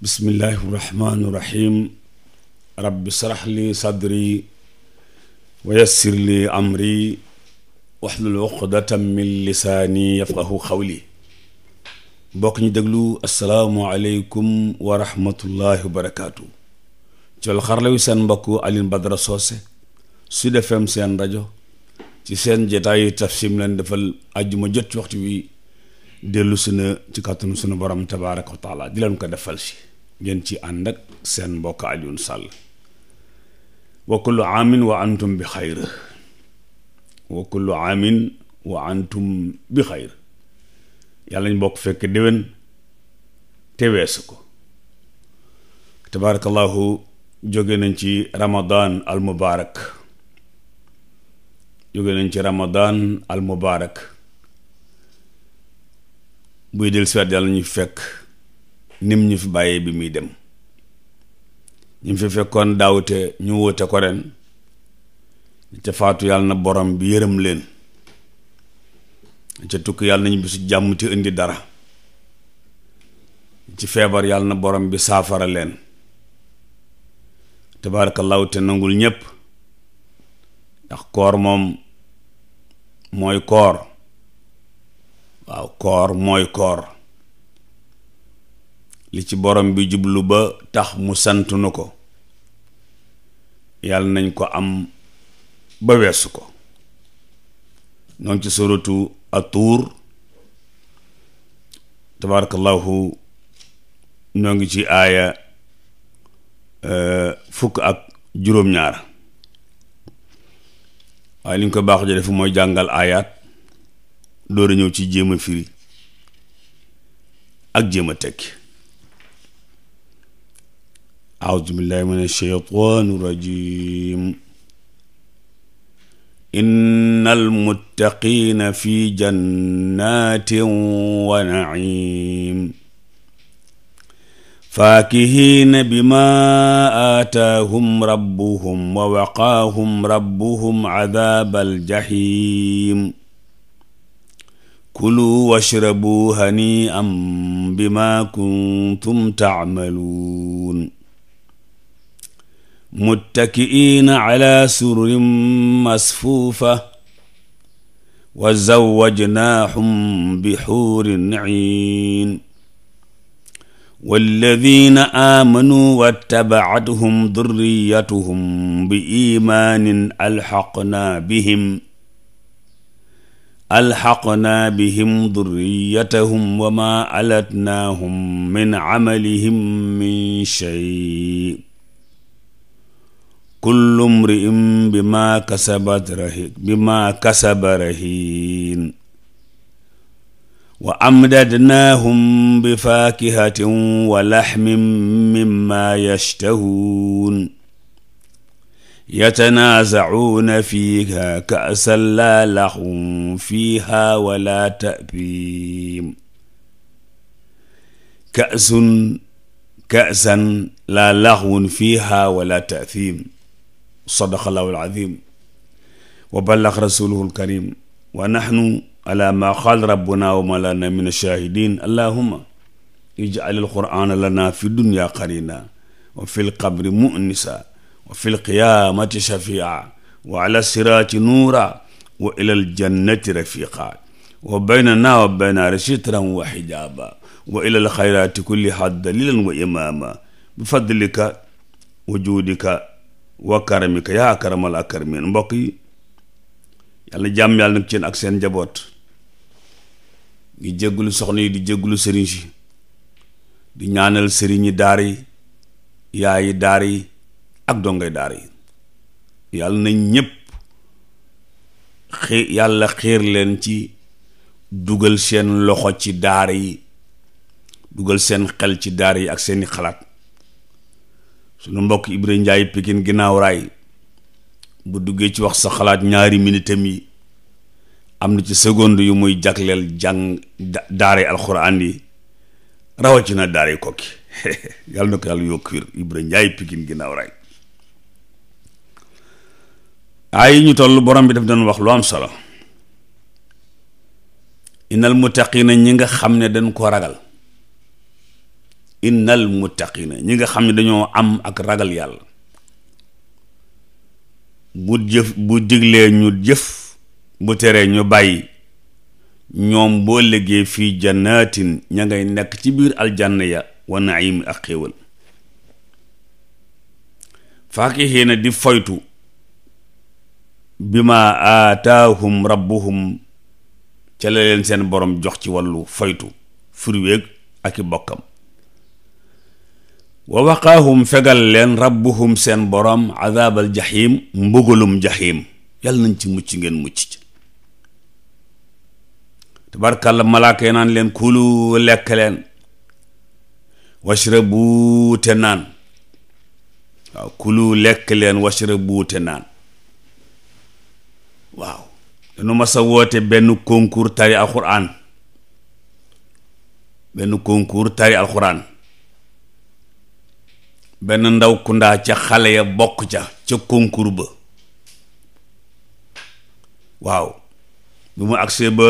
bismillahi rahmaani rahim rabbi sarax li sadri wa yassir li amri waxlul uqdatan min lisaani yafqahu xawli bokk ñu déglu asalaamualeykum wa rahmatullahi wa barakaatu col xarla wi seen mbokk Alioune Badara Socé Sud FM seen rajo ci seen jotaayu tafsir leen defal ma jot ci waxtu wi dellu si ci kàttanu sunu borom tabaaraka wa di leen ko defal si ngeen ci ànd ak seen mbokk Alioune Sall wa kullu aamin wa antum bi xayr wa kullu aamin yàlla ñu bokk fekk déwén te weesu ko tabarakallahu jóge nañ ci ramadan al jóge nañ ci ramadaan al mubaarak buy del siwaat yàlla ñu fekk nim ñu fi bàyyee bi muy dem ñu fi fekkoon daaw te ñu wóote ko ren ca faatu yàlla na borom bi yërëm leen ca tukk yàlla nañu bisu jàmm ci indi dara ci feebar yàlla na borom bi saafara leen tabaarakallaahu te nangul ñépp ndax koor moom mooy koor waaw koor mooy koor li ci borom bi jublu ba tax mu sant nu ko yàlla nañ ko am ba weesu ko noonu ci suratu atuur tabarakallahu noo ngi ci aaya e, fukk ak juróom-ñaar waaye li ñu ko baaxu jo def mooy jàngal aayaat door a ñëw ci jéem a firi ak jéema tekki أعوذ بالله من الشيطان الرجيم إن المتقين في جنات ونعيم فاكهين بما آتاهم ربهم ووقاهم ربهم عذاب الجحيم كلوا واشربوا هنيئا بما كنتم تعملون muttaki'iina ala sururin masfuufa wa zawwajnaahum bi xuurin iin walladina aamanuu wattaba'athum durriyatuhum bi imaanin alxaqnaa bihim alxaqnaa bihim durriyatahum wa maa alatnaahum min amalihim min shay kullu mri'in bi ma kasabat rahin bi ma kasaba rahin wa amdadnaahum bi faakihatin wa laxmin mimma yashtahuun yatanaazacuuna fiiha ka'san laa laxwun fiiha wala ta'biim ka'sun ka'san laa laxwun fiiha wala ta'thiim sadaqallaahu al-aziim wa ballax rasuluhu al-karim wa nahnu ala ma qaal rabbuna wa ma lana min ash-shaahidin allahumma ij'al al-qur'ana lana fi dunya qarina wa fi l-qabri mu'nisa wa fi l-qiyaamati shafi'a wa ala siraati nuura wa ila al-jannati rafiqa wa baynana wa bayna sitran wa hijaaba wa ila al-khayraati kullihaa daliilan wa imaama bi fadlika wa juudika wa karamika yaa akramal akramiin mbokk yi yàlla na jàmm yàlla nag ci ak seen njaboot di jéggulu soxna yi di jéggulu sëriñ si di ñaanal sëriñi daar yi yaayi daar yi ak dongay daar yi yàlla na ñépp xi yàlla xiir leen ci dugal seen loxo ci daar yi dugal seen xel ci daar yi ak seeni xalaat suñu mbokk Ibra Njaay Pikin ginnaaw raay bu duggee ci wax sa xalaat ñaari minitam yi am na ci seconde yu muy jagleel jàng daare alxuraan yi rawatina daare kokki yàlla na ko yàlla yokk wér Ibra Njaay Pikin ginnaaw raay ay ñu toll borom bi daf doon wax lu am solo inal mu innal muttaqina ñi nga xam ne dañ ko ragal innal muttaqina ñi nga xam ne dañoo am ak ragal yàlla bu jëf bu diglee ñu jëf bu teree ñu bàyyi ñoom boo léggee fii jannatin ña ngay nekk ci biir aljanna ya wa naim ak xéewal faakihiina di foytu bi ma aataahum rabbuhum ca la leen seen borom jox ci wàllu foytu furweeg ak i bokkam wa waqaahum fegal leen rabbuhum seen borom azaabal jaxiim mbugalum jaxiim yàlla nañ ci mucc ngeen mucc ci tabarkàlla malaaka yi naan leen kulu lekk leen washrabu te naan waaw kulu lekk leen washrabu buute naan waaw dañu mas a woote benn concours tari alxuraan benn concours tari alxuraan benn ndaw kundaa ca xale ya bokk ca ca concours ba waaw bi mu agsee ba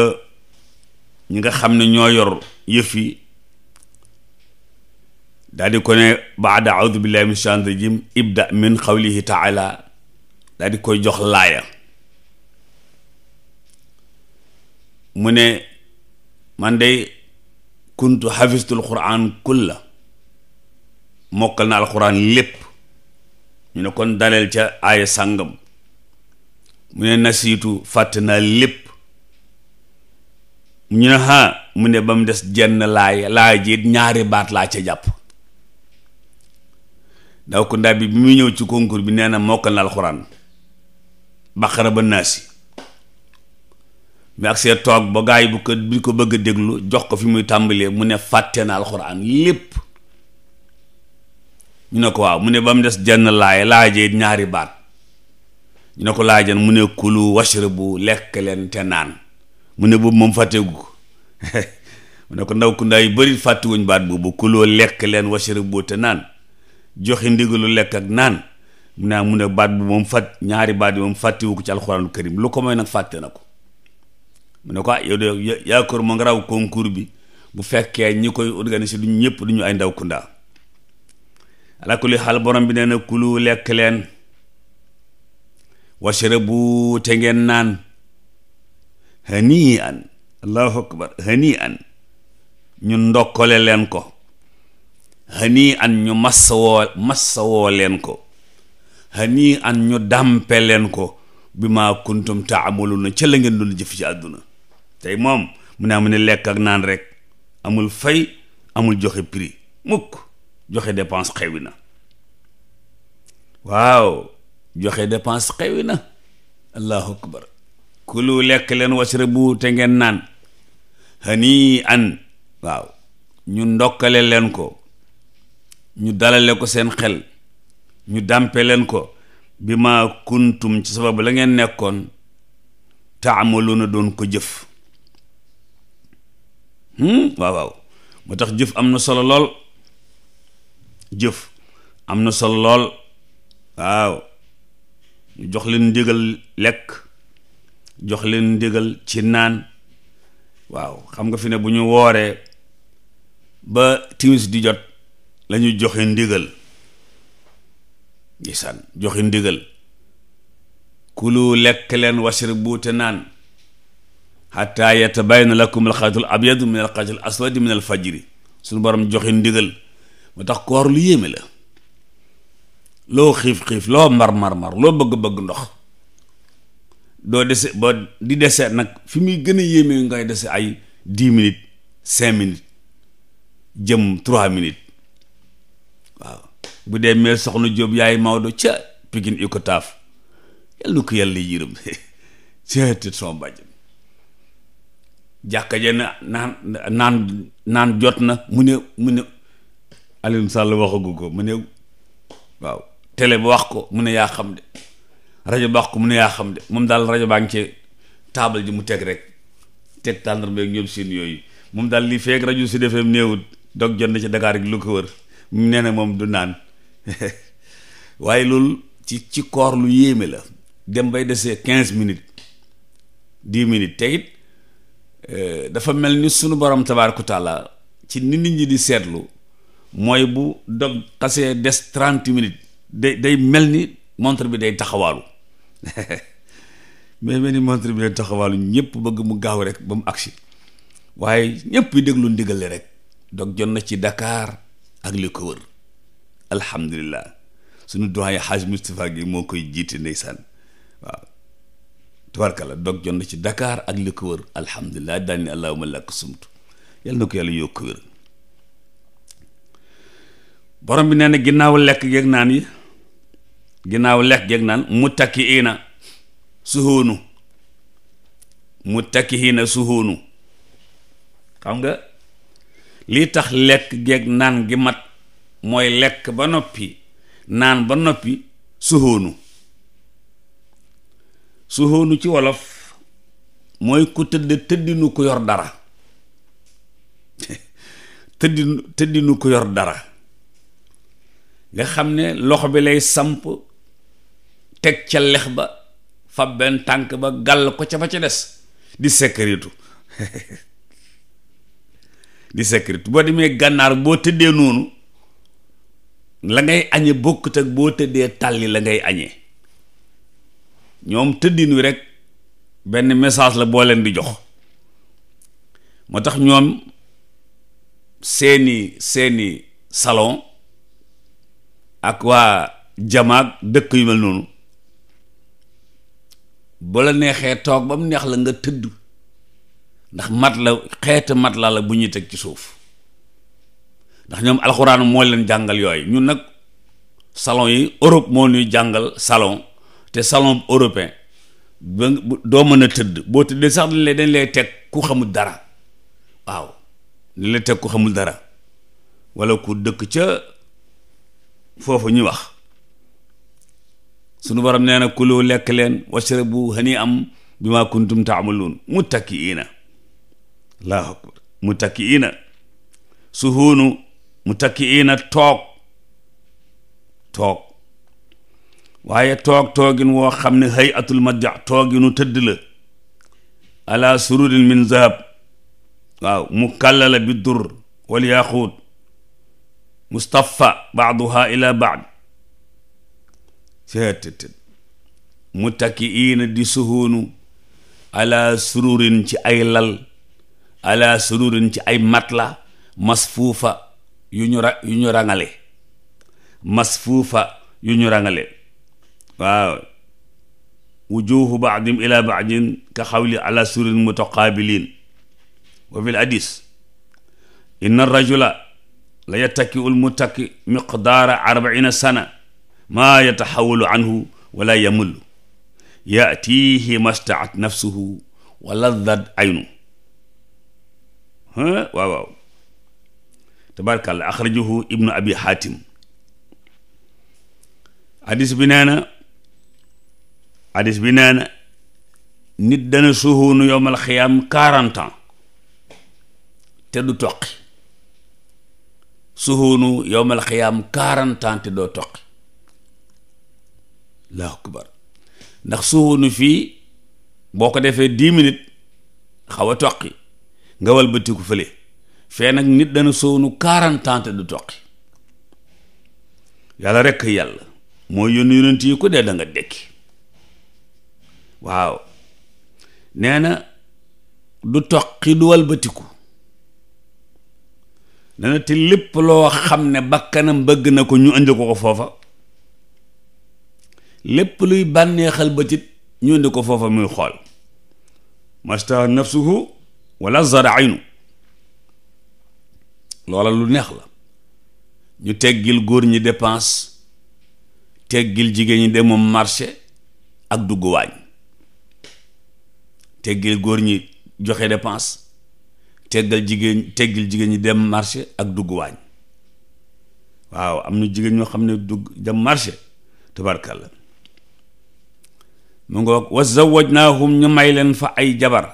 ñi nga xam ne ñoo yor yëf yi daal di ko ne baada audu billahi min shaitan rajim ibda min qawlihi taala daal di koy jox laaya mu ne man day kuntu xafistul quran kulla mokkal na alxuraan lépp ñu ne kon daleel ca aaya sàngam mu ne nasiitu fàtte naa lépp ñu ne ha mu ne ba mu des jenn laay laay ji ñaari baat laa ca jàpp ndaw ko ndaa bi bi muy ñëw ci concours bi nee na mokkal na alxuraan baqara ba naasi mi ak toog ba gaa bu kër bi ko bëgg a déglu jox ko fi muy tàmbalee mu ne fàtte na alxuraan lépp ñu ne ko waaw mu ne ba mu des jenn laay laajee ñaari baat ñu ne ko jan mu ne kulu washrabu lekk leen te mu ne boobu moom fàtteegu ko mu ne ko ndaw ku ndaay yu bëri baat boobu kuloo lekk leen washrabu te naan joxe ndigalu lekk naan mu ne ah, mu ne baat bu moom fàtt ñaari baat yi fàttewu ko ci alxuraanul karim lu ko mooy nag fàtte na ko mu ne ko ah yow de yaa kër ma nga raw bi bu fekkee ñi koy organiser duñ ñëpp ñu ay ndaw ku alakuli xaal borom bi nee na kulu lekk leen washrabu te ngeen naan hani an allahu akbar hani an ñu ndokkale leen ko hani an ñu massawoo massawoo leen ko hani an ñu dàmpe leen ko bi maa kuntum amul ca la ngeen doon jëf ci àdduna tey moom mu ne am ne lekk ak naan rek amul fay amul joxe prix mukk joxe dépense xewi na waaw joxe dépense xewi na allahu akbar kulu lekk leen wasrabu te ngeen naan hanii an waaw ñu ndokkale leen ko ñu dalale ko seen xel ñu dàmpe leen ko bi ma kuntum ci sababu la ngeen nekkoon taamaluuna doon ko jëf hmm? waaw waaw moo tax jëf am na solo lool jëf am na solo lool waaw jox leen ndigal lekk jox leen ndigal ci naan waaw xam nga fi ne bu ñu wooree ba timis di jot lañu joxe ndigal gisaan joxe ndigal kulu lekk leen wasribu te naan xataa yatabayna lakum alxaytul abyadu min alxaytul aswadi min alfajri suñu borom joxi ndigal moo tax koor lu yéeme la loo xiif-xiif loo mar-mar-mar loo bëgg-bëgg ndox doo dese ba di dese nag fi muy gën a yéeme ngay dese ay dix minutes cinq minutes jëm trois minutes waaw bu dee mel soxna Jóob yaay Maodo ca Pikin Ikotaaf yàlla ko yàlla yërëm ceetit soo bàjj jàkka ja na naan naan jot na mu ne mu ne Alioune Sall waxagu ko mu ne waaw télé ba wax ko mu ne yaa xam de rajo ba wax ko mu ne yaa xam de moom daal rajo baa ngi ci taabal ji mu teg rek teg tàndarmeeg ñoom seen yooyu moom daal lii feeg rajo si FM néewut dog jot na ci Dakar ak lu ko wër mu nee na moom du naan waaye loolu ci ci koor lu yéeme la dem bay desee quinze minutes dix minutes te it euh, dafa mel ni sunu borom tabaaraka taala ci ni nit ñi di seetlu mooy bu dog xasee des trente minutes day day mel ni montre bi day taxawaalu mais mel ni montre bi day taxawaalu ñëpp bëgg mu gaaw rek ba mu agsi waaye ñëpp yi déglu ndigal rek dog jot na ci dakaar ak li ko wër alhamdulilah suñu doyen Hadj Moustapha gi moo koy jiite ndeysaan waaw tubarkalla dog jot na ci Dakar ak li ko wër alhamdulilah daal ni allahumma lak sumtu yàlla na ko yokk wér borom bi nee na ginnaaw lekk geeg naan yi ginnaaw lekk geeg naan muttakiina suhuunu muttakiina suhuunu xam nga li tax lekk geeg naan gi mat mooy lekk ba noppi naan ba noppi suhuunu suhuunu ci wolof mooy ku tëdd tëddinu ku yor dara tëddinu tëddinu ku yor dara nga xam ne loxo bi lay samp teg ca lex ba fab benn tànk ba gàll ko ca ba ca des di sekkaritu di sekkaritu boo demee gànnaar boo tëddee noonu la ngay añe bokkut ak boo tëddee tàlli la ngay añee ñoom tëddin wi rek benn message la boo leen di jox moo tax ñoom seeni seeni salon ak waa jamaag dëkk yu ma noonu bu la neexee toog ba mu neex la nga tëdd ndax mat la xeetu mat la la bu ñuy teg ci suuf ndax ñoom alxuraan moo leen jàngal yooyu ñun nag salon yi Europe moo ñuy jàngal salon te salon européen ba doo mën a tëdd boo tëddee sax dañ lay dañ lay teg ku xamul dara waaw dañ lay teg ku xamul dara walla ku dëkk ca foofu ñu wax sunu borom nee na kulu lekk leen washrabu hani am bi ma kuntum taamaluun muttakiina allahu akbar muttakiina suhuunu muttakiina toog toog waaye toog toogin woo xam ne hayatul madja tooginu tëdd la ala sururin min zahab waaw mu kàllala bi dur wal mustafa baaduha ila baad seet di suhuunu ala sururin ci ay lal ala sururin ci ay matla masfuufa yu ñu ra yu ñu rangale masfuufa yu ñu rangale ila baadin ka xawli ala sururin mutaqaabilin wa fi l hadis inna rajula la yatakkiu l mutakki miqdaara arbaina sana maa yataxawalu anhu wala yamullu yaatihi mastaat nafsuhu wa ladat aynu waaw waaw tabarakàllah axrajahu ibnu abi xaatim hadis bi nee na hadis bi nee na nit dana suhuunu yowmal xiyaam quarante ans te du toqi suhuunu yowmal xiyaam quarante ans te doo toqi allahu akbar ndax suhuunu fii boo ko defee dix minutes xaw a toqi nga walbatiku fële fee nag nit dana suhuunu quarante te du toqi yàlla rekk yàlla mooy yon yonent yi ko dee danga nga waaw nee na du toqi du walbatiku dana te lépp loo xam ne bakkanam bëgg na ko ñu indi ko ko foofa lépp luy bànneexal bëtit ñu indi ko foofa muy xool masta walla wala zaraaynu loola lu neex la ñu teggil góor ñi dépense teggil jigéen ñi demum marché ak dugg waañ teggil góor ñi joxe dépense teggal jigéen teggil jigéen ñi dem marché ak dugg waañ waaw am na jigéen ñoo xam ne dugg dem marché tabarkalla mu nga wax wa zawajnaahum ñu may leen fa ay jabar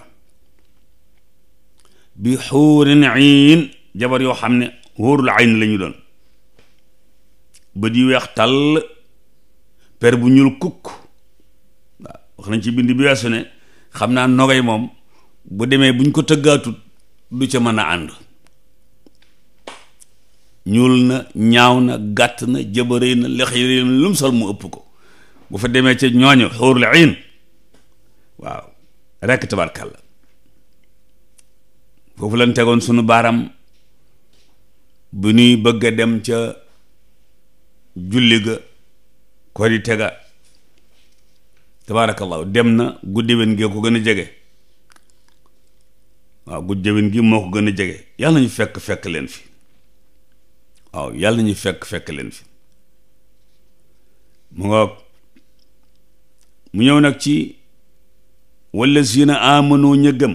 bi xuurin ayn jabar yoo xam ne xuurul ayn la doon bët yu weex tàll per bu ñuul kukk waaw wax nañ ci bind bi weesu ne xam naa nogay moom bu demee buñ ko tëggaatut du ca mën a ànd ñuul na ñaaw na gàtt na jëbërëy na lex na lu mu sol mu ëpp ko bu fa demee ca ñooñu xóor la iin waaw rekk tabarkàlla foofu lañ tegoon sunu baaram bi ñuy bëgg a dem ca julli ga ko di tega tabaarakallahu dem na guddi wen gee ko gën a jege waaw gu jëwin gi moo ko gën a jege yàlla nañu fekk fekk leen fi waaw yàlla nañu fekk fekk leen fi mu nga mu ñëw nag ci wallazina amanu ña gëm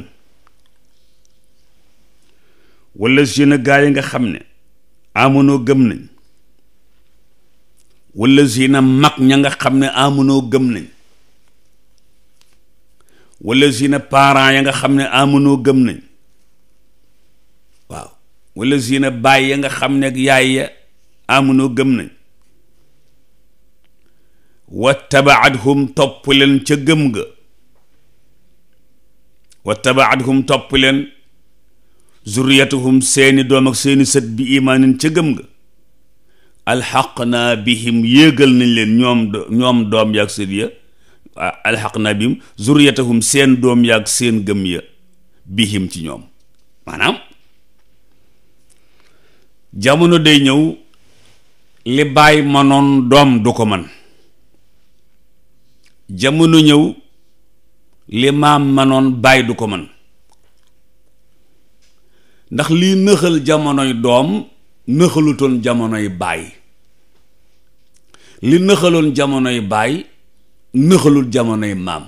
wallazina gaa yi nga xam ne amanu gëm nañ wallazina mag ña nga xam ne amanu gëm nañ wala siina na parents nga xam ne amunoo gëm nañ waaw wala siina na baay nga xam ne yaay ya amunoo gëm nañ wattabaathum topp leen ca gëm ga wattabaathum topp leen zuriyatuhum seeni doom ak seeni sët bi imaanin ca gëm ga alxaq naa bihim yéegal nañ leen ñoom ñoom doom yaag sët ya alxaq na bihim zurriyatahum seen doom yaag seen gëm ya bihim ci ñoom maanaam jamono day ñëw li baay manoon doom du ko man jamono ñëw li maam manoon baay du ko man ndax lii nëxal jamonoy doom nëxalutoon jamonoy baay li nëxaloon jamonoy baay nëxalul jamonoy maam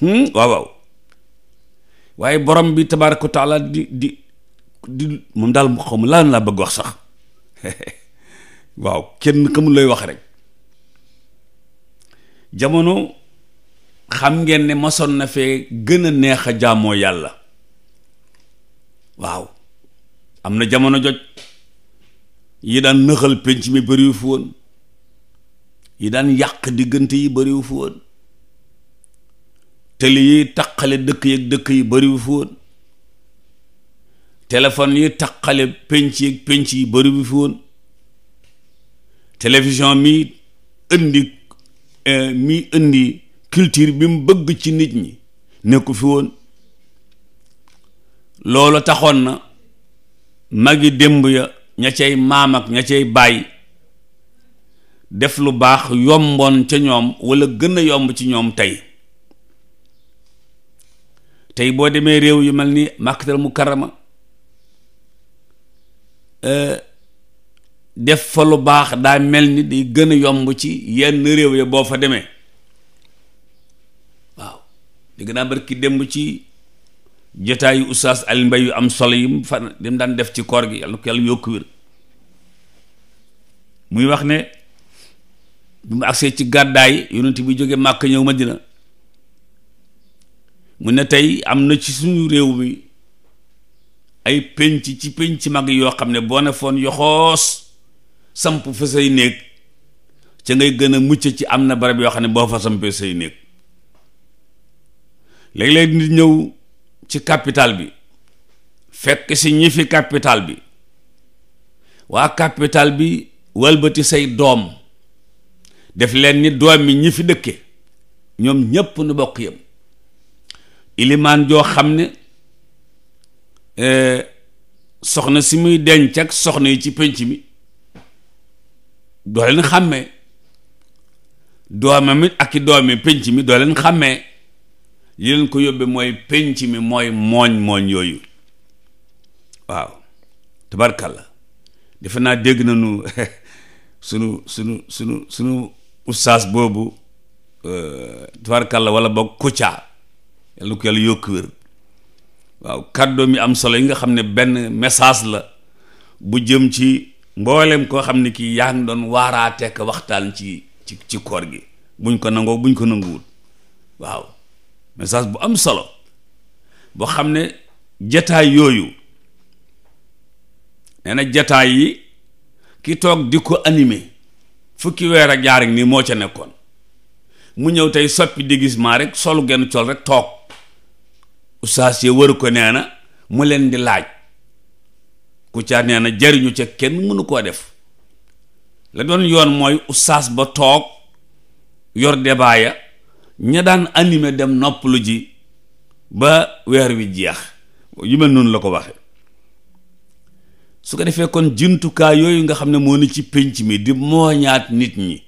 hmm? waaw waaw waaye borom bi tabaaraka wa la di di di moom daal mu xaw ma laa bëgg wax sax waaw kenn xamul lay wax rek jamono xam ngeen ne masoon na fee gën a neex a jàmmoo yàlla waaw am na jamono joj yi daan nëxal penc mi bëriwu fi woon yi daan yàq diggante yi bariwu fi woon télé yi taqale dëkk yi ak dëkk yi bariwu fi woon téléphone yi taqale penc yi ak penc yi bariwu fi woon télévision mi indi eh, mi indi culture bi mu bëgg ci nit ñi nekku fi woon loolu taxoon na magi démb ya ña cay maam ak ña cay bàyyi def lu baax yomboon ca ñoom walla gën a yomb ci ñoom tey tey boo demee réew yu mel ni màkkatal mukarrama euh, def fa lu baax daa mel ni di gën a yomb ci yenn réew ya boo fa demee waaw di gën a barki démb ci jotaayu oustaz Aliou yu am solo yi fan dem daan def ci koor gi yàlla na ko yàlla yokku wér muy wax ne bi mu agsee ci gàddaay yonent bi jóge màkk ñëw ma madina mu ne tey am na ci suñu réew mi ay pénc ci pénc mag yoo xam ne boo ne foon yoxoos samp fa say néeg ca ngay gën a mucc ci am na barab yoo xam ne boo fa sampee say néeg léeg-léeg nit ñëw ci capital bi fekk si ñi fi capital bi waa capital bi walbati say doom def leen ni doom yi ñu fi dëkke ñoom ñépp nu bokk yam ilimaan joo xam ne eh, soxna si muy denc ak soxna yi ci pénc mi doo leen xàmmee doomam it ak i doomi pénc mi doo leen xàmmee li leen ko yóbbee mooy pénc mi mooy mooñ mooñ yooyu waaw tabarkalla defe naa dégg nañu sunu sunu sunu sunu ustaas boobu euh, tubaarkàlla wala boog kuccaa yàlla ko yàlla yokk wér waaw kàddoom yi am solo yi nga xam ne benn message la bu jëm ci mboolem koo xam ne kii yaa ngi doon waaraateek waxtaan ci ci koor gi buñ ko nangoo buñ ko nanguwul waaw message bu am solo boo xam ne jataay yooyu nee na jataay yi ki toog di ko animer fukki weer ak jaar ak nii moo ca nekkoon mu ñëw tey soppi di gis rek solu genn col rek toog ustaas yi waru ko nee na mu leen di laaj ku ca nee na jariñu ca kenn mënu koo def la doon yoon mooy ustaas ba toog yor ya ña daan anime dem noppalu ji ba weer wi jeex yu mel noonu la ko waxe su ko defee kon jumtukaay yooyu nga xam ne moo ni ci pénc mi di mooñaat nit ñi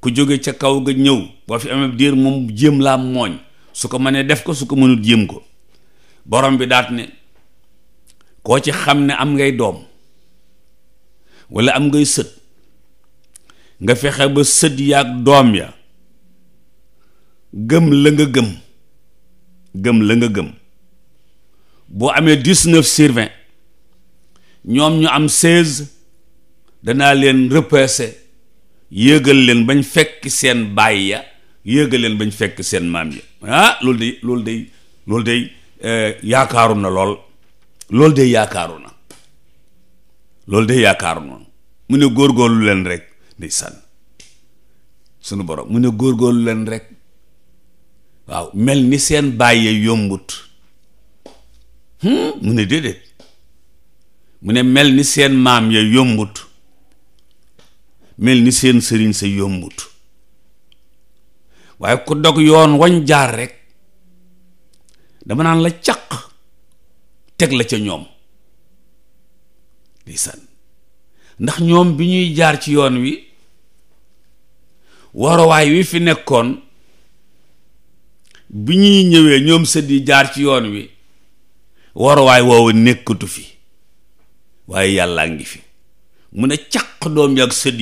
ku jóge ca kaw ga ñëw boo fi amee diir moom jéem laa mooñ su ko mënee def ko su ko mënul jéem ko borom bi daat ne koo ci xam ne am ngay doom walla am ngay sët nga fexe ba sëdd yaag doom ya gëm la nga gëm gëm la nga gëm boo amee dix-neuf sur ñoom ñu am seize danaa leen repasser yéegal leen bañ fekk seen baay ya yéegal leen bañ fekk seen maam ya ah loolu day loolu day loolu day eh, yaakaaru na lool loolu day yaakaaru na loolu day yaakaaru na mu ne góorgóorlu leen rek ndeysaan sunu borom mu ne góorgóorlu leen rek waaw mel ni seen baay ya yombut hmm, mu ne déedéet mu ne mel ni seen maam ya yombut mel ni seen sëriñ sa yombut waaye ku dog yoon wañ jaar rek dama naan la caq teg la ca ñoom lisan ndax ñoom bi ñuy jaar ci yoon wi waruwaay wi fi nekkoon bi ñuy ñëwee ñoom sët yi jaar ci yoon wi waruwaay woowu nekkatu fi waaye yàllaa ngi fi mu ne caq doom ya ak sët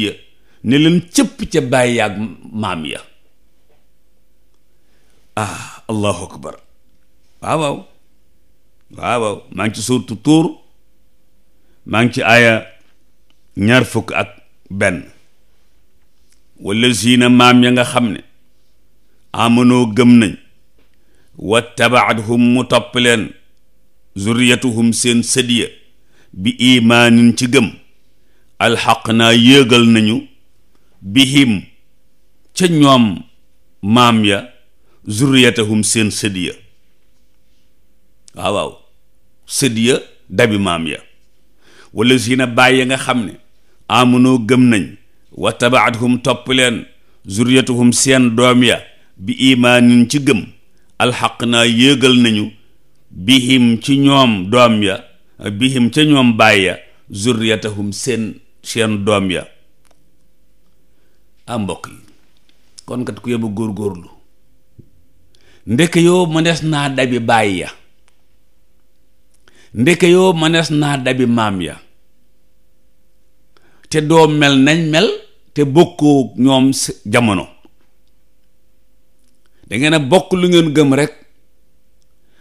ne leen cëpp ca bàyyi yaag maam ya ah allahu akbar waaw waaw waaw maa ngi ci suurtu tuur maa ngi ci aaya ñaar fukk ak benn wala siina maam ya nga xam ne amanoo gëm nañ wa tabaat hum mu topp leen zurriyatuhum seen sëdiya bi imaanin ci gëm alxaq naa yéegal nañu bihim ca ñoom maam ya zurriyatahum seen sëd ya waaw waaw sëd ya dabi maam ya wala zina bàyyi nga xam ne amunoo gëm nañ wa tabaathum topp leen zurriyatuhum seen doom ya bi imaanin ci gëm alxaq naa yéegal nañu bihim ci ñoom doom ya bihim ca ñoom baay ya zurriyatahum seen seen doom ya am ah, mbokk yi kon kat ku yóbbu góorgóorlu ndeke yoo mënees naa dabi baay ndeke yoo mënees naa dabi maam ya te doo mel nañ mel te bokkoo ñoom jamono da a bokk lu ngeen gëm rek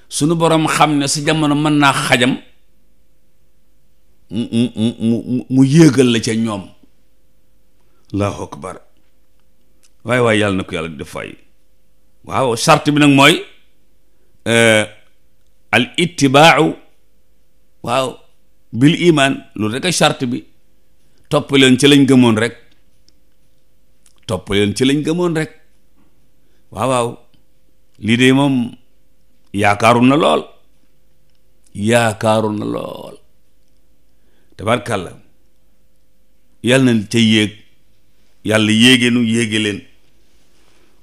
sunu boroom xam ne sa jamono mën naa xajam mu mu yéegal la ca ñoom allahu akbar waaye waaye yàlla na ko yàlla def fay waaw sart bi nag mooy eh, al ittibaau waaw bil imaan loolu rek a sart bi topp leen ci lañ gëmoon rek topp leen ci lañ gëmoon rek waaw waaw lii de moom yaakaaru na lool yaakaaru na lool tabarkàlla yàlla na ci yéeg yàlla yéege nu leen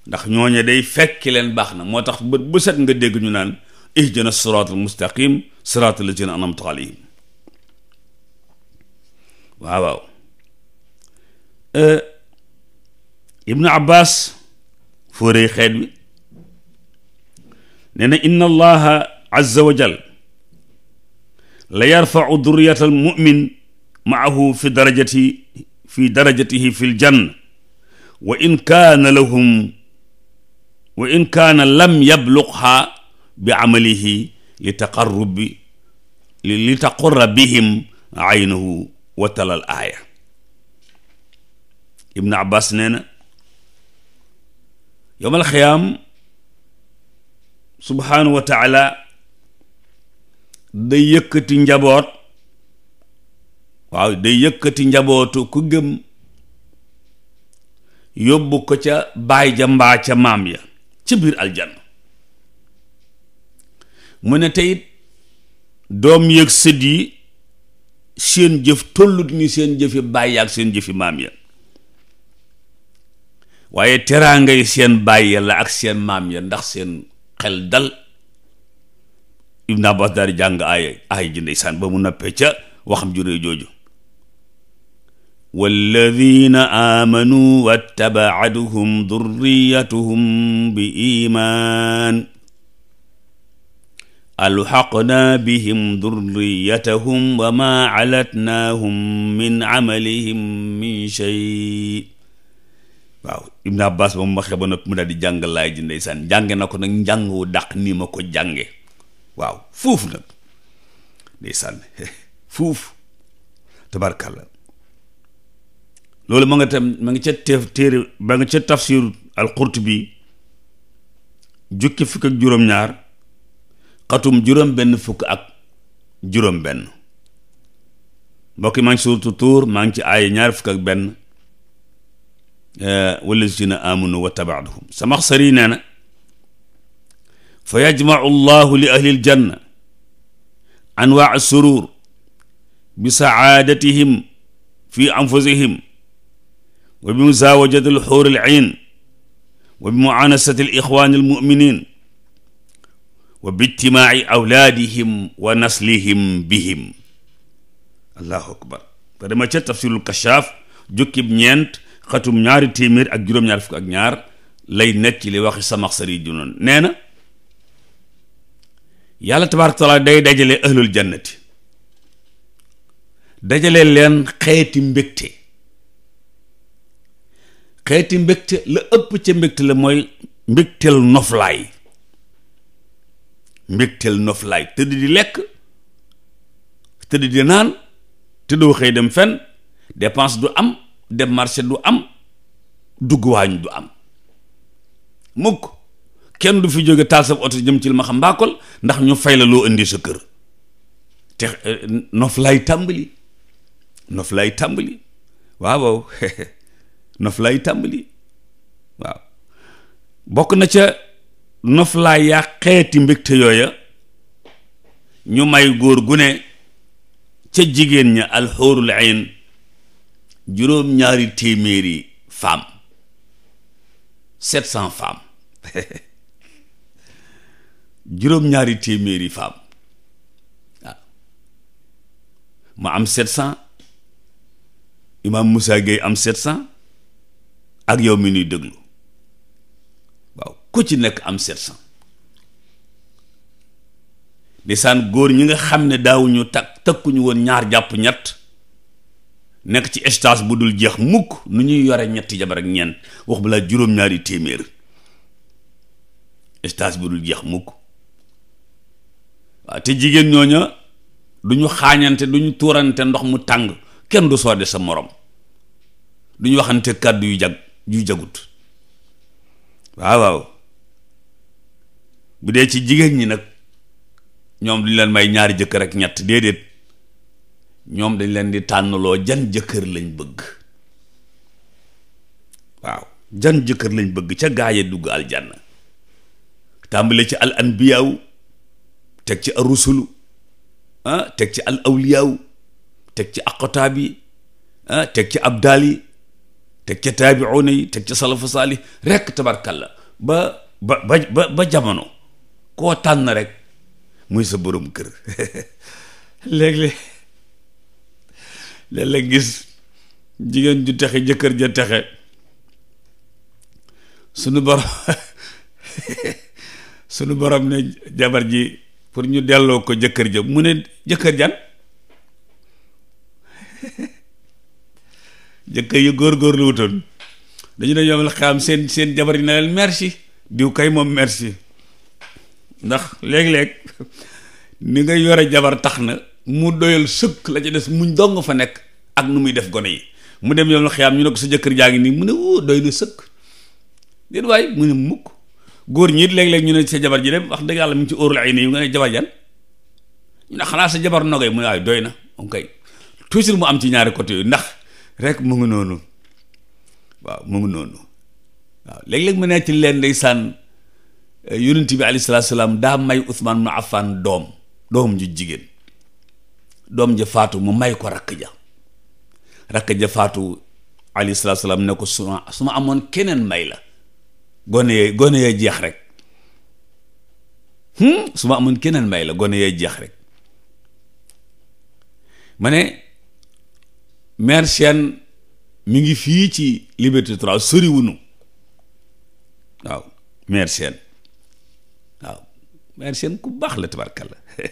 ndax ñooñe day fekki leen baax na moo tax bët bu set nga dégg ñu naan ihdina siraatal mustaqim jën lazina nam alayhim waaw waaw euh, ibnu abbas fóorey xeet bi nee na inna allaha azza wa la yarfau duriyata al mumin maahu fi darajati fi darajatihi fi ljanna wa in kaana lahum wa in kaana lam yabluqha bi amalihi li taqarrubi li taqurra bihim aynuhu wa talal aaya Ibn Abbas nee na yowmal xiyaam subhaanahu wa taala day yëkkati njaboot waaw day yëkkati njabootu ku gëm yóbbu ko ca baay ja mbaa ca maam ya ca biir aljanna mu ne tey doom yëg sët yi seen jëf tollut ni seen jëfi baay ya ak seen jëfi maam ya waaye teraangay seen baay ya la ak seen maam ya ndax seen xel dal Ibn Abbas daal di jàng aaya aaya ji ndeysaan ba mu noppee ca waxam ju réy jooju walladina aamanu wattabaatuhum durriyatuhum bi iman alxaqna bihim durriyatahum wa ma alatnahum min amalihim min shay waaw Ibn Abbas ba mu waxee ba noppi mu daal di jàng laay ji ndeysaan jànge na ko nag njàng wu dàq nii ma ko jànge waaw fuuf nag ndeysaan fuuf tabarkàlla loolu ma nga tam ma nga ca teef téere ba nga ca tafsir al-Qurtubi jukki fukk ak juróom-ñaar xatum juróom-benn fukk ak juróom-benn mbokk maa ngi suuratu Tuur maa ngi ci aaya ñaar fukk ak benn eh, wallazina amanu wa tabaadahum samaxsari nee na fa yajmacu llahu li ahli ljanna anwaa surur bi saadatihim fi anfusihim wa bi muzaawajati alxuur alciin wa bi muanasati alixwaani almuminin wa bi ijtimaaci awlaadihim wa naslihim bihim allahu akbar te dama ca tafsirul kachaaf jukkib ñeent xatum ñaari téeméer ak juróom-ñaar fukk ak ñaar lay nekk ci li waxi samaxsari junoon nee na yàlla tabaaraka taala day dajale ahlul jannati dajale leen xeeti mbégte xeeti mbégte la ëpp ca mbégte la mooy mbégteel noflaay mbégteel noflaay tëdd di lekk tëdd di naan te doo xëy dem fenn dépense du am dem marché du am dugg du am mukk kenn du fi jóge taal sa oto jëm ci li ma xam mbaakol ndax ñu fay la loo indi sa kër te eh, lay tàmbali nof lay tàmbali waaw waaw nof lay tàmbali waaw bokk na ca nof laa yaa xeeti mbégte yooya ñu may góor gune ca jigéen ña alxóorul ayn juróom-ñaari téeméeri femmes sept cent femmes juróom-ñaari téeméeri femmes waaw ma am sept cent imaam Moussa Gueye am sept cent ak yow mi nuy déglu waaw ku ci nekk am sept cent desaan góor ñi nga xam ne daawuñu takk takkuñu woon ñaar jàpp ñett nekk ci stage bu dul jeex mukk nu ñuy yore ñetti jabar ak ñeent wax balaa juróom-ñaari téeméer stage bu dul jeex mukk waaw jigéen ñooña du ñu xaañante ñu tuurante ndox mu tàng kenn du soode sa morom du waxante kàddu yu jag yu jagut waaw bu dee ci jigéen ñi nag ñoom duñ leen may ñaari jëkkër ak ñett déedéet ñoom dañ leen di tànnaloo jan jëkkër lañ bëgg waaw jan jëkkër lañ bëgg ca gaaya dugg aljanna tàmbale ci al anbiyaaw teg ci arusulu ah teg ci al awliyaaw teg ci aqotaab yi ah teg ci abdaal yi teg ci taabiuuna yi teg ci salafu saalih rekk tabarkalla ba ba ba ba jamono koo tànn rekk muy sa borom kër léeg-léeg léeg-léeg gis jigéen ju texe jëkkër ja texe sunu borom sunu borom ne jabar ji pour ñu delloo ko jëkkër ja mu ne jëkkër jan jëkkër yu góor-góor lu wutoon dañu ne ñoom la xam seen seen jabar yi ne leen merci diw kay moom merci ndax léeg-léeg ni nga yore jabar tax na mu doyal sëkk la ci des muñ dong fa nekk ak nu muy def gone yi mu dem yoom la xiyaam ñu ne ko jëkkër jaa ngi nii mu ne wóo doy na sëkk déet waay mu ne mukk góor ñi it léeg ñu ne sa jabar ji de wax dëgg yàlla mu ngi ci óorul ay nii yu jabar jan ñu ne xanaa sa jabar nogay mu ne waaye doy na ok toujours mu am ci ñaari côté yooyu ndax rek mu ngi noonu waaw mu ngi noonu waaw léeg-léeg mu ne ci leen ndeysaan eh, yonent bi alayhi salaatu salaam daa may Usmaan ibn Affan doom doom ju jigéen doom ja faatu mu may ko rakk ja rakk ja faatu alayhi salaatu salaam ne ko su ma su ma amoon keneen may la gone yee gone yee jeex rek hmm? su ma amoon keneen may la gone yee jeex rek ma ne maire mu ngi fii ci Liberté 3 soriwunu waaw maire Sène waaw maire ku baax la tabarkalla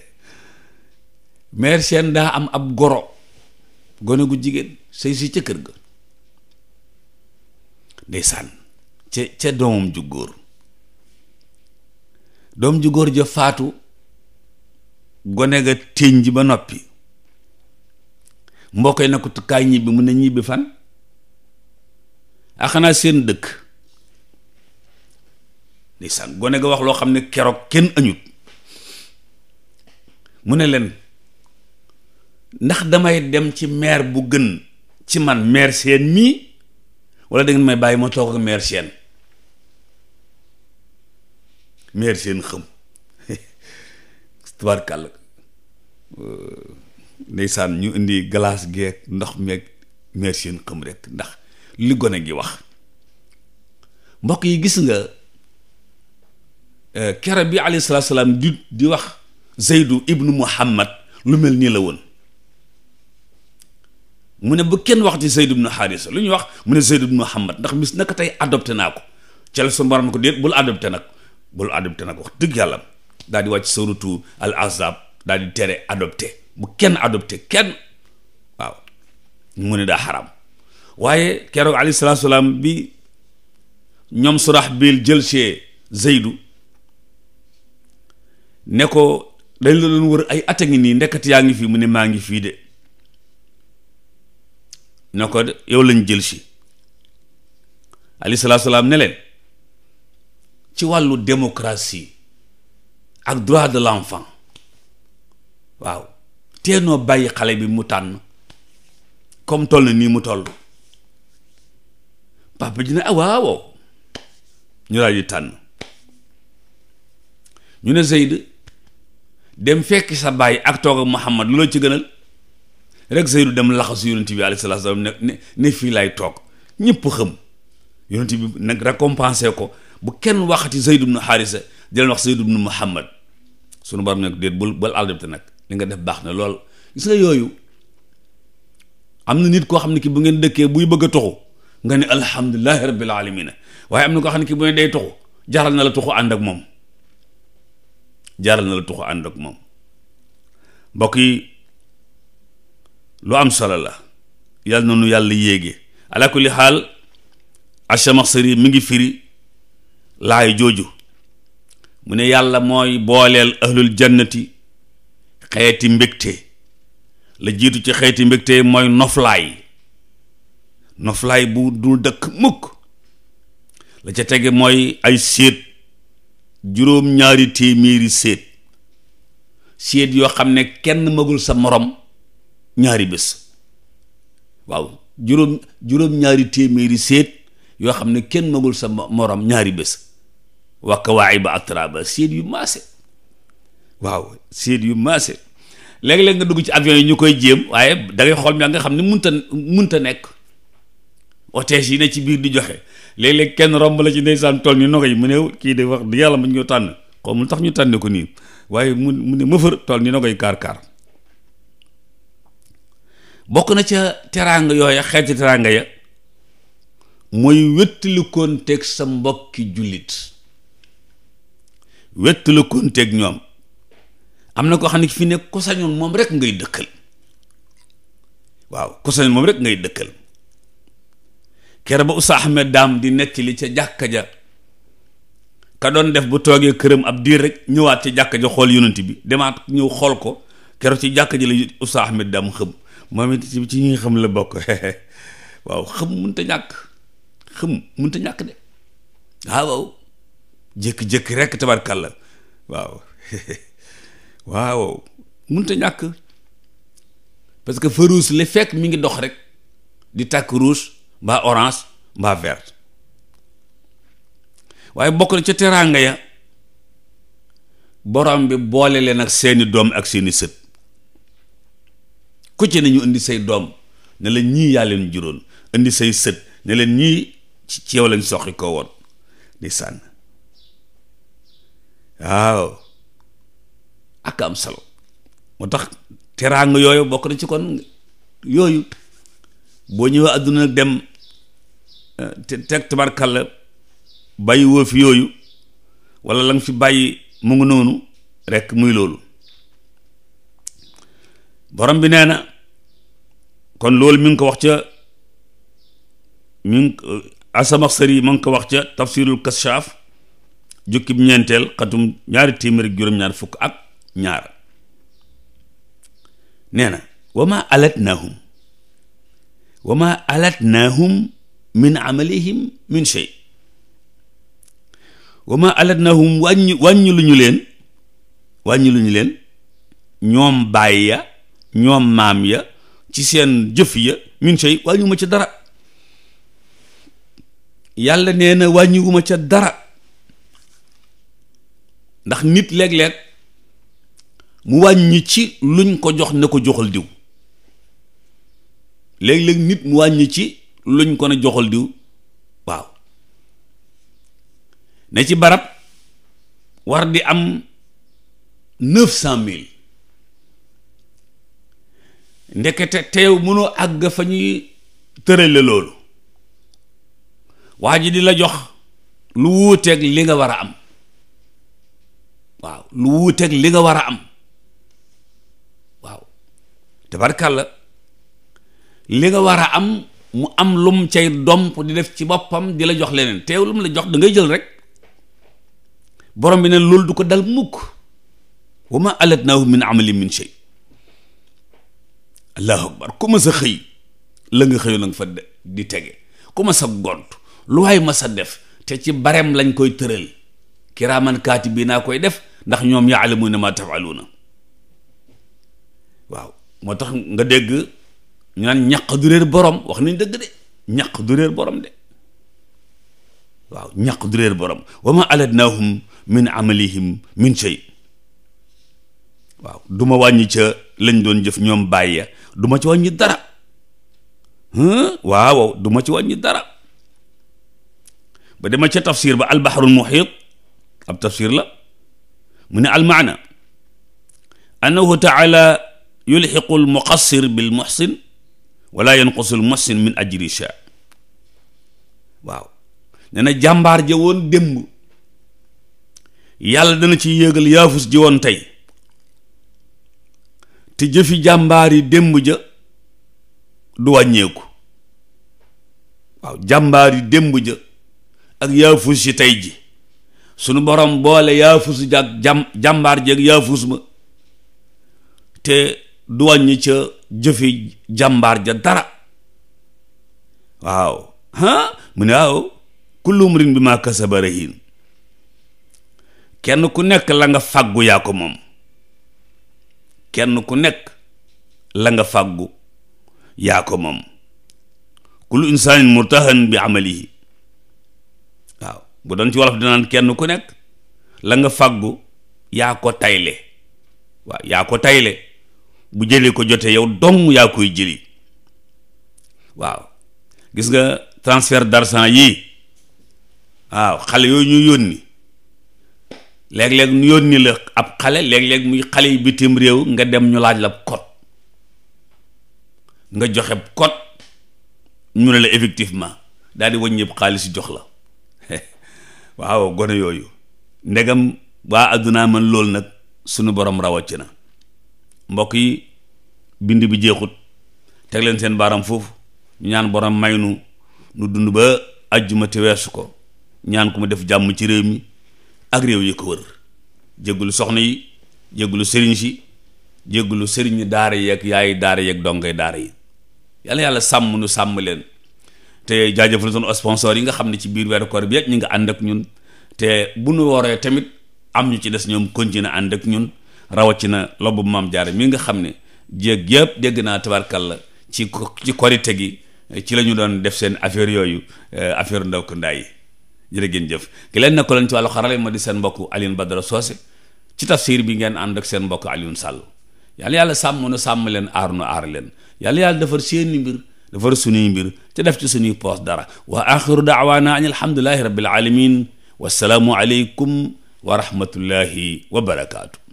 maire Sène daa am ab goro gone gu jigéen sëy si ca kër ga ndeysaan ca ca doomam ju doom ju góor ja faatu gone ga téñ ji ba noppi mbokk yi na ko tukkaay ñibbi mun na ñibbi fan ak ah, xanaa seen dëkk ni sax gone ga wax loo xam ne keroog kenn añut mu ne leen ndax damay dem ci meer bu gën ci man meer seen mii walla da ngeen bàyyi ma toog ak meer seen meer seen xëm tubaarkàll ndeysaan ñu indi galaas geeg ndox meeg meer seen xëm rek ndax li gone gi wax mbokk yi gis nga kere bi alayhi salaatu salaam di di wax zeydu ibnu muhammad lu mel nii la woon mu ne bu kenn wax ci zeydu ibnu xaarisa lu ñuy wax mu ne zeydu ibnu muhammad ndax mis naka tey adopté naa ko cel su mbaram ko déet bul adopté nag bul adopté nag wax dëgg yàlla daal di wàcc suratu al ahzab daal di tere adopté bu kenn adopté kenn waaw mu ne daa xaram waaye keroog alayhi salaatu salaam bi ñoom surax biil jël see zeydu ne ko dañ la doon wër ay at a yaa ngi fii mu ne maa ngi fii de ne ko lañ jël si alayhi salaatu salaam ne leen ci wàllu démocratie ak droit de l'enfant waaw teenoo bàyyi xale bi mu tànn comme toll nii mu toll papa ji ne ah waaw ñu daal di tànn ñu ne Zeyd dem fekki sa baay ak toog ak Muhammad lu la ci gënal rek Zeydu dem laxasu yonent bi alayhi salaatu salaam ne ne fii laay toog ñëpp xam yonent bi nag récompensé ko bu kenn waxati Zayd ibn Haarisa di leen wax Zayd ibn Muhammad sunu borom nag déet bul bul aldebte nag li nga def baax na lool gis nga yooyu am na nit koo xam ne ki bu ngeen dëkkee buy bëgg a toxu nga ne alhamdulilahi rabbil alamina waaye am na koo xam ne ki bu ngeen day toxu jaaral na la toxu ànd ak moom jaral na la toxu ànd ak moom mbokk yi lu am solo la yàlla na nu yàlla yéege ala kulli xaal Achamaxsari mi ngi firi laay jooju mu ne yàlla mooy booleel ahlul jannati xeeti mbégte la jiitu ci xeeti mbégte mooy noflaay noflaay bu du dëkk mukk la ca tege mooy ay séet juróom-ñaari téeméeri séet séet yoo xam ne kenn magul sa morom ñaari bés waaw juróom juróom-ñaari téeméeri séet yoo xam ne kenn magul sa morom ñaari bés wakka waay ba ak traba séet yu maase waaw séet yu maase léeg-léeg nga dugg ci avion yi ñu koy jéem waaye da ngay xool ñaa nga xam ne munta munta nekk otage yi ne ci biir di joxe léeg-léeg kenn romb la ci ndeysaan tool ni nogo yi mu ne kii de wax di yàlla ma ñoo tànn xaw mu tax ñu tànne ko nii waaye mu mu ne mëfër tool ni nogo yi kaar-kaar bokk na ca teraanga yooya xeeti teraanga ya mooy teg sa mbokki jullit wettalikoonteeg ñoom am na koo xam ne fi ne ku moom rek ngay dëkkal waaw ku moom rek ngay dëkkal kere ba Oustaz Ahmed Daam di netti ca jàkka ja ka doon def bu toogee këram ab diir rek ñëwaat ci jàkka ja xool yonent bi demaat ñëw xool ko keroog ci jàkka ji la Oustaz Ahmed Daam xëm moom it ci ñi xam la bokk waaw xam mënta ñàkk xëm mënut a ñàkk de waaw waaw jékki-jékki rek tabarkàlla waaw waaw mënut a ñàkk parce que feu rouge li fekk mi ngi dox rek di tàkk rouge mbaa orange mbaa vert waaye bokk na ca teraanga ya borom bi boole leen ak seeni doom ak seeni sët ku ci nañu indi say doom ne leen ñii yaa leen indi say sët ne leen ñii ci ci yow lañ soqi ko woon di sànn waaw ak am solo moo tax teraanga yooyu bokk na ci kon yooyu boo ñëwee àdduna nag dem eh, te teg tabarkal la bàyyi woo yooyu wala la fi bàyyi mu ngi noonu rekk muy loolu borom bi nee na kon loolu mi ngi ko wax ca mi Asamaxsari ma ngi ko wax ca tafsirul kashaaf jukkib ñeenteel xatum ñaari téeméer juróom-ñaar fukk ak ñaar nee na wama alatnaahum wama alatnaahum min amalihim min shay wama alatnaahum wàññi lu ñu leen wàññi lu ñu leen ñoom baay ya ñoom maam ya ci seen jëf ya min shay wàññu ma ci dara yàlla nee na wàññiwuma ca dara ndax nit léeg-léeg mu wàññi ci luñ ko jox ne ko joxal diw léeg-léeg nit mu wàññi ci luñ kon a joxal diw waaw ne ci barab war di am neuf cent mille ndekete teew mënoo àgg fa ñuy tërale loolu waa ji di la jox lu wuuteeg li nga war a am waaw lu wuuteeg li nga war a am waaw te tabarkàlla li nga war a am mu am lum cay domp di def ci boppam di la jox leneen teew lum la jox dangay jël rek borom bi ne loolu du ko dal mukk wa ma alatnaahu min amalin min shay allahu akbar ku ma sa xëy la nga xëyoon nga fa di tege ku sa gont lu waay mas a def te ci barem lañ koy tëral kiraaman kaati bii naa koy def ndax ñoom yaalamuuna ma tafaluuna waaw moo tax nga dégg ñan naan ñaq du réer borom wax nañ dëgg de borom de waaw ñaq du réer borom wa ma aladnaahum min amalihim min shay waaw duma ma wàññi ca lañ doon jëf ñoom bàyyi duma du ma ci wàññi dara waaw duma ci wàññi dara ba dema ca tafsir ba albaxarul muxiit ab tafsir la mu ne almaana annahu taala yulxiqu almuqassir bil muxsin wala yanqusu almuxsin min ajri sha waaw ne na jàmbaar ja woon démb yàlla dana ci yéegal yaafus ji woon tey te jëfi jàmbaar yi démb ja du wàññeeku waaw jàmbaar yi ja ak yaafus si tey ji sunu borom boole yaafus ak jam jàmbaar ji ak yaafus ma te du wàññi ca jëfi jàmbaar ja dara waaw ah mu ne waaw kullu mrin bi maa kasaba rahin kenn ku nekk la nga fàggu moom kenn ku nekk la nga fàggu yaa ko moom kullu insaanin murtahan bi amalihi bu doon ci wolof dinaan kenn ku nekk la nga fàggu yaa ko tayle waaw yaa ko tayle bu jëlee ko jotee yow dong yaa koy jëli waaw gis nga transfert d'argent yii waaw xale yooyu ñu yónni léeg-léeg ñu yónni la ab xale léeg-léeg muy xale yi bitim réew nga dem ñu laaj la code nga joxe code ñu ne la effectivement daal di wàññi ñëpp xaalis jox la waaw gone yooyu ndegam waa àddunaa man lool nag sunu borom rawacc na mbokk yi bind bi jeexut teg leen seen baaram foofu ñaan borom may nu nu dund ba àjjuma tiweesu ko ñaan ku def jàmm ci réew mi ak réew yi ko wër jéggulu soxna yi jéggulu sëriñ si jéggulu sëriñu daara yi ak yaayi daara yi ak dongay daar yi yàlla yàlla sàmm nu sàmm leen te jaajëfal sunu sponsor yi nga xam ne ci biir weeru koor bi yëpp ñu ngi ànd ak ñun te bu nu wooree tamit am ñu ci des ñoom continuer ànd ak ñun rawatina lobu maam jaare mii nga xam ne jéeg yëpp dégg naa tabarkalla ci ci korite gi ci la ñu doon def seen affaire yooyu euh, affaire ndaw ko ndaay yi jërë ngeen jëf ki leen nekko leen ci wàllu xarale ma di seen mbokk Alioune Badara Socé ci tafsir bi ngeen ànd ak seen mbokk Sall yàlla yàlla sàmm nu sàmm leen aar nu aar leen yàlla yàlla defar seeni mbir defar suñuy mbir te def ci suñuy poos dara wa axiru daawaana an alhamdulillahi rabbil alamin wassalaamu aleykum wa rahmatullahi wa barakaatu